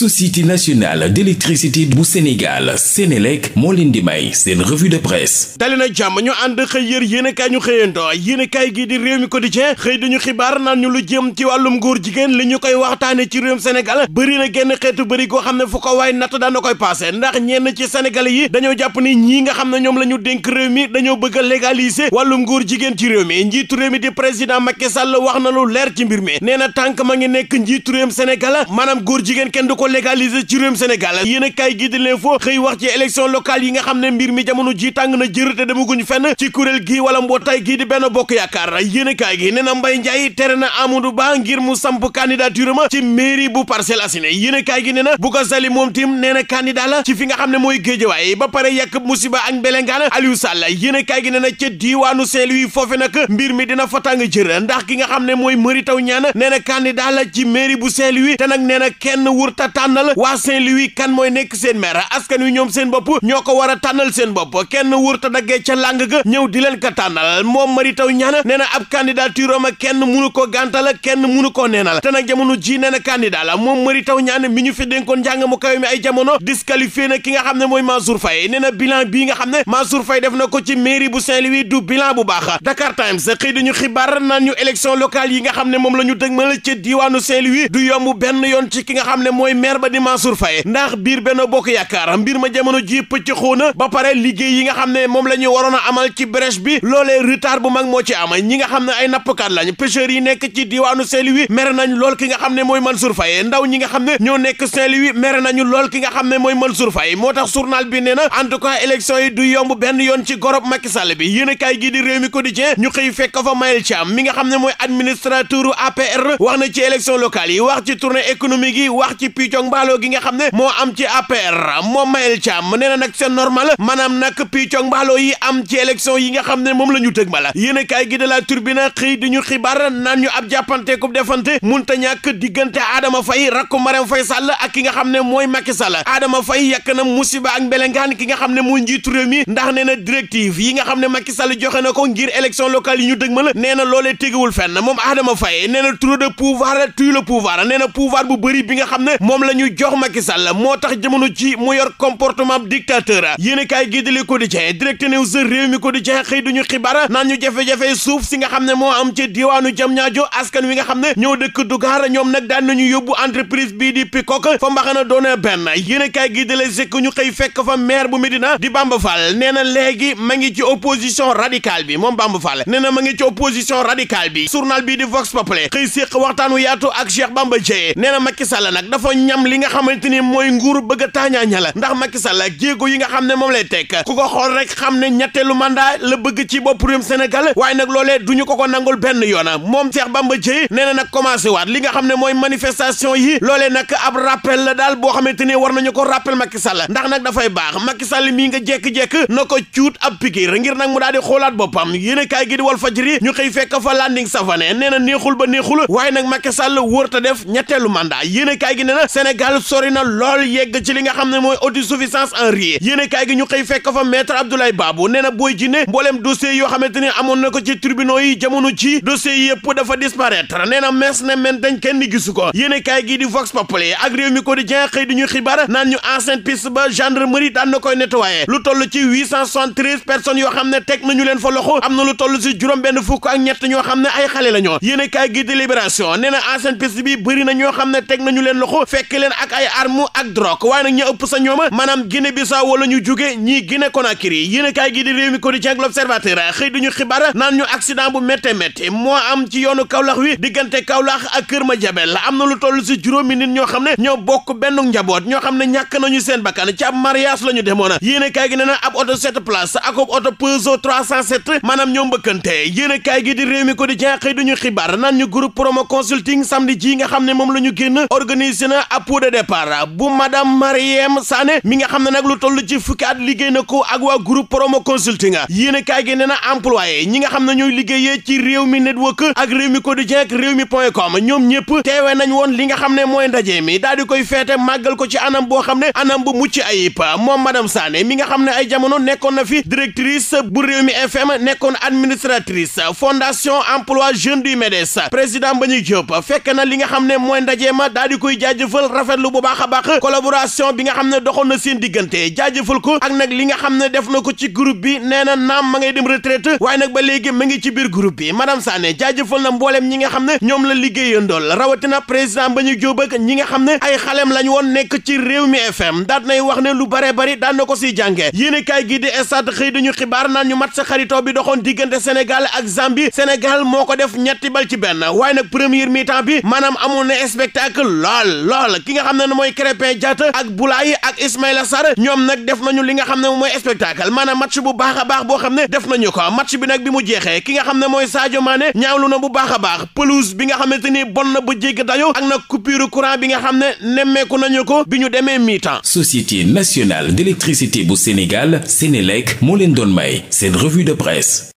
société nationale d'électricité bu Sénégal Sénélec moo leen di may seen revue de presse dali na jàmm ñu ànd xëy yër yéenekaay ñu xëyandoo yéenekaay gi di Rewmi Quotidien xëy dañu xibaar naan ñu lu jëm ci wàllum góor jigéen li ñu koy waxtaane ci réewum Sénégal bëri na génn xeetu bëri goo xam ne fu ko waay natt daana koy paase ndax ñenn ci Sénégalais yi dañoo jàpp ni ñii nga xam ne ñoom la ñu dénk réew mi dañoo bëgg a légaliser wàllum góor jigéen ci réew mi njiitu réew mi di président Macky Sall wax na lu leer ci mbir mi nee na tànk ma ngi nekk njiitu réewum Sénégal maanaam góor légalisé ci réewum Sénégal yéen a kaay gi di l'info xëy wax ci élection locale yi nga xam ne mbir mi jamono ji tàng na jër te demaguñ fenn ci kuréel gii wala mbootaay gii di benn bokk yaakaar yéen a kaay gi nee na Mbaye Ndiaye tere na Amadou Ba ngir mu samp candidature ma ci mairie bu Parcelles Assainies yéen a kaay gi nee na Bouga Sali moom tim nee na candidat la ci fi nga xam ne mooy Guédiawaye ba pare yàq musiba ak mbelengaan Aliou Sall yéen a kaay gi nee na ca diiwaanu Saint-Louis foofe nag mbir mi dina fa tàng jër ndax ki nga xam ne mooy Mary Teuw Niane nee na candidat la ci mairie bu Saint-Louis te nag nee na kenn tànnal waa Saint-Louis kan mooy nekk seen maire askan wi ñoom seen bopp ñoo ko war a tànnal seen bopp kenn wurta daggee ca làng ga ñëw di leen ko tànnal moom Mary Teuw Niane nee na ab candidature am kenn munu ko gàntal kenn munu ko neenal te nag jamono ji nee na candidat la moom Mary Teuw Niane mi ñu fi dénkoon njàng mu kawe mi ay jamono disqualifié na ki nga xam ne mooy Mansour Faye nee na bilan bii nga xam ne Mansour Faye def na ko ci mairie bu Saint-Louis du bilan bu baax Dakar Times xëy yi nga xam ne moom la ñu dëgmal ca diwaanu Saint-Louis du yomb yoon ci ki nga xam ne mooy maire ba di Mansour Faye xam ne moom la ñu waroon a amal ci moo ci am ñi nga xam ne ay nappkat lañ pêcheurs yi nekk ci diwaanu Saint-Louis mere nañ lool ki nga xam ne mooy Mansour Faye ndaw ñi nga xam ne ñoo nekk Saint-Louis mere nañu lool ki nga xam ne mooy Mansour Faye moo tax journal bi nee na en tout cas élection yi du yomb benn yoon ci gorob Macky Sall bi yéen a di réew mi quotidien ñu xëy fekk fa Mayel Thiam mi nga xam ne mooy administrateur APR wax na ci élection locale yi wax ci tournée économique yi wax ci cong mbaaloo moo am ci APR moom Mayel na yi am ci élection yi nga la ñu ma a kaay de la turbine xëy di ñu xibaar naan ñu ab ki nga xam ne mooy Macky Sall Adama Faye yàkk na musiba ak mbelengaan ne mooy njiitu réew ndax nee na yi nga xam ne Macky Sall joxe na ko ngir élection locale yi ñu dëg ma la nee na loolee tegewul moom Adama Faye nee na trop de pouvoir tue le pouvoir bu bëri bi nga xam ne moom la ñu jox moo tax jamono ji mu yor comportement dictateur yéen kaay gi di Le Quotidien Direct News réew mi Quotidien xëy duñu xibaar naan ñu jafe-jafe suuf si nga xam ne moo am ci diwaanu jam Diamniadio askan wi nga xam ne ñoo dëkk Dugar ñoom nag daan nañu yóbbu entreprise bii di Peacock fa mbaxana doone benn yéen kaay gi di Les Échos ñu xëy fekk fa maire bu Médina di Bamba Fall nee na léegi ma ngi ci opposition radicale bi moom Bamba Fall nee na ma ngi ci opposition radicale bi journal bii di Vox Populi xëy séq waxtaanu yaatu ak Cheikh Bamba Dièye nee ñam li nga xamante ni mooy nguur bëgg a taañaaña la ndax Macky Sall jéego yi nga xam ne moom lay tekk ku ko xool rek xam ne ñetteelu mandat la bëgg ci bopp réewum Sénégal waaye nag loolee du ñu ko ko nangul benn yoona moom Cheikh Bamba Dièye nee na nag commencé waat li nga xam ne mooy manifestation yi loole nag ab rappel la daal boo xamante ni war na nañu ko rappel Macky Sall ndax nag dafay baax Macky Sall mii nga jekk-jekk na ko cuut ab pikiir ngir nag mu daal di xoolaat boppam yéen kaay gi di wal fajri ñu xëy fekk fa landing safane nee na neexul ba neexul waaye nag Macky Sall wër ta def ñetteelu mandat yéen kaay gi nee na Sénégal sori na lool yegg ci li nga xam ne mooy autosuffisance en riz yéen kaay gi ñu xëy fekk fa maître Abdoulaye Babou nee na Boy Djiné mbooleem dossier yoo xamante ni amoon na ko ci tribunaux yi jamono ci dossier yi yëpp dafa nee na mes ne men dañ kenn gisu ko yéen kaay gi di Vox Populi ak réew mi quotidien xëy di ñu xibaar naan ñu ancienne piste ba gendarmerie daan na koy lu toll ci 873 personnes yoo xam ne teg nañu leen fa loxo am na lu toll ci juróom benn fukk ak ñett ñoo xam ne ay xale la ñoo yéen kaay gi di Libération nee na ancienne bi bëri na ñoo xam ne teg nañu leen loxo fekk fekk ak ay arme ak drogue waaye nag ñu ëpp sa ñooma maanaam Guinée Bissau wala ñu jóge ñii Guinée Conakry yéen kaay gi di réew mi quotidien ak l'observateur xëy duñu xibaar naan ñu ak Kër Madiabel lu toll si juróomi nit ñoo xam ne ñoo bokk benn njaboot ñoo xam ne ñàkk nañu seen bakkan ci ab mariage la ñu demoon yéen kaay gi nee na ab oto xibaar naan ñu groupe promo consulting samedi ji nga xam ne moom la ñu génn organise na drapeau de départ bu madame Mariem Sané mi nga xam ne nag lu toll ci fukki at liggéey na ko ak waa groupe promo consulting yéen a kaay gi nee na employé ñi nga xam ne ñooy liggéeyee ci réew mi network ak réew mi quotidien ak réew mi point com ñoom ñëpp teewee nañ woon li nga xam ne mooy ndaje mi daal di koy feete màggal ko ci anam boo xam ne anam bu mucc ayib moom madame Sané mi nga xam ne ay jamono nekkoon na fi directrice bu réew mi FM nekkoon administratrice fondation emploi jeune du MEDES président Mbagnick Diop fekk na li nga xam ne mooy ndaje ma daal di koy jaajëfal rafetlu bu baax a baax collaboration bi nga xam ne doxoon na seen diggante jaajëfal ko ak nag li nga xam ne def na ko ci groupe bi nee na naam ma ngay dem retraite waaye nag ba léegi ma ngi ci biir groupe bi madame Sané jaajëfal na mbooleem ñi nga xam ne ñoom la liggéeyandool rawatina président ba ñu jóob ak ñi nga xam ne ay xalem lañ woon nekk ci réew mi FM daat nay wax ne lu bare bari daan na ko siy jànge yéene kaay gi di Stades xëy dañu xibaar naan ñu mat sa xaritoo bi doxoon diggante Sénégal ak Zambie Sénégal moo ko def ñetti bal ci benn waaye nag première mi bi maanaam amoon na spectacle lool lool ki nga xam ne mooy Krépin Diatta ak Boulaye ak Ismaïla Sarr ñoom nag def nañu li nga xam ne mooy spectacle maanaam match bu baax baax boo xam ne def nañu ko match bi nag bi mu jeexee ki nga xam ne mooy Sadio Mané ñaawlu na bu baax a baax pelouse bi nga xamante ni bon na ba jégg dayo ak na coupure courant bi nga xam ne nemmeeku nañu ko bi ñu demee mi-temps. Société nationale d'électricité bu Sénégal Sénélec moo leen doon may seen revue de presse.